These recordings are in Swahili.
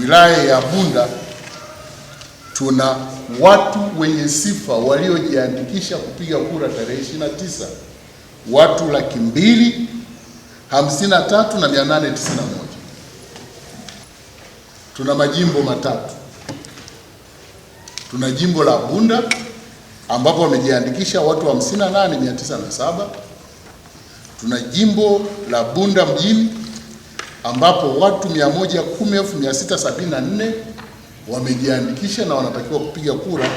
wilaya ya Bunda tuna watu wenye sifa waliojiandikisha kupiga kura tarehe 29 watu laki mbili hamsini na tatu na mia nane tisini na moja. Tuna majimbo matatu. Tuna jimbo la Bunda ambapo wamejiandikisha watu hamsini na nane mia tisa na saba. Tuna jimbo la Bunda mjini ambapo watu 110,674 wamejiandikisha na wanatakiwa kupiga kura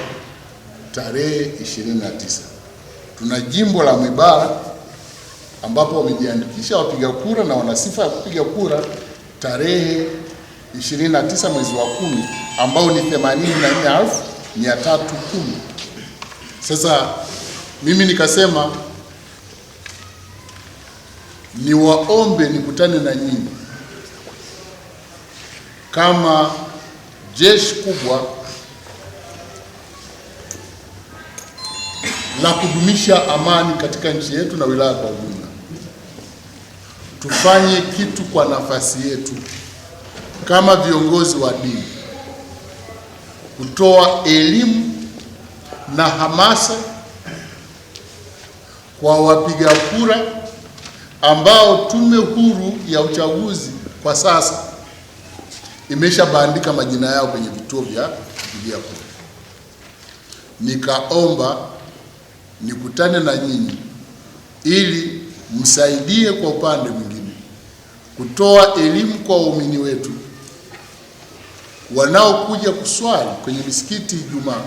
tarehe 29. Tuna jimbo la Mwibara ambapo wamejiandikisha wapiga kura na wana sifa ya kupiga kura tarehe 29 mwezi wa kumi ambao ni 84,310. Sasa mimi nikasema niwaombe nikutane na nyinyi kama jeshi kubwa la kudumisha amani katika nchi yetu na wilaya kwa ujumla. Tufanye kitu kwa nafasi yetu kama viongozi wa dini, kutoa elimu na hamasa kwa wapiga kura ambao tume huru ya uchaguzi kwa sasa imeshabandika majina yao kwenye vituo vya kupigia kura. Nikaomba nikutane na nyinyi ili msaidie kwa upande mwingine kutoa elimu kwa waumini wetu wanaokuja kuswali kwenye misikiti Ijumaa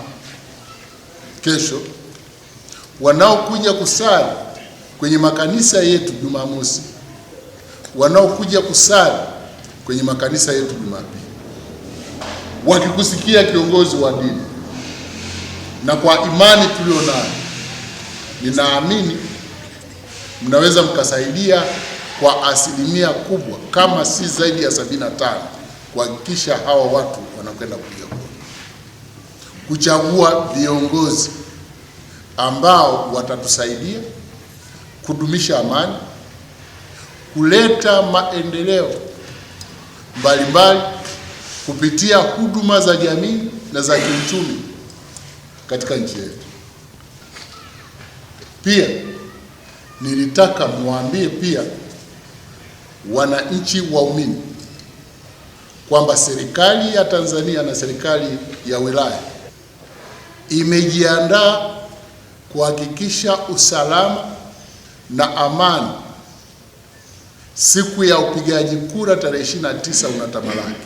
kesho, wanaokuja kusali kwenye makanisa yetu Jumamosi, wanaokuja kusali kwenye makanisa yetu Jumapili, wakikusikia kiongozi wa dini, na kwa imani tuliyo nayo, ninaamini mnaweza mkasaidia kwa asilimia kubwa, kama si zaidi ya sabini tano, kuhakikisha hawa watu wanakwenda kupiga kura, kuchagua viongozi ambao watatusaidia kudumisha amani, kuleta maendeleo mbalimbali kupitia huduma za jamii na za kiuchumi katika nchi yetu. Pia nilitaka mwambie pia wananchi waumini kwamba serikali ya Tanzania na serikali ya wilaya imejiandaa kuhakikisha usalama na amani siku ya upigaji kura tarehe 29 unatamalaki,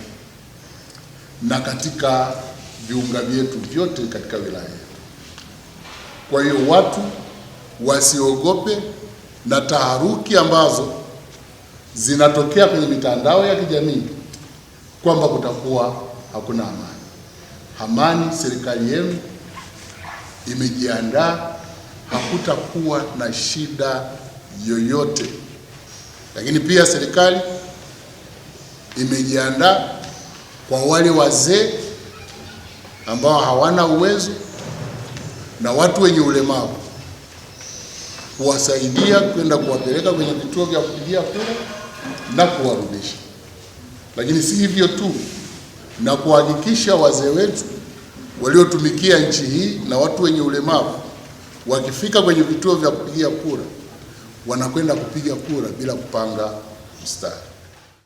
na katika viunga vyetu vyote katika wilaya yetu. Kwa hiyo watu wasiogope na taharuki ambazo zinatokea kwenye mitandao ya kijamii kwamba kutakuwa hakuna amani. Amani, serikali yenu imejiandaa, hakutakuwa na shida yoyote. Lakini pia serikali imejiandaa kwa wale wazee ambao hawana uwezo na watu wenye ulemavu kuwasaidia kwenda kuwapeleka kwenye vituo vya kupigia kura na kuwarudisha. Lakini si hivyo tu, na kuhakikisha wazee wetu waliotumikia nchi hii na watu wenye ulemavu wakifika kwenye vituo vya kupigia kura wanakwenda kupiga kura bila kupanga mstari.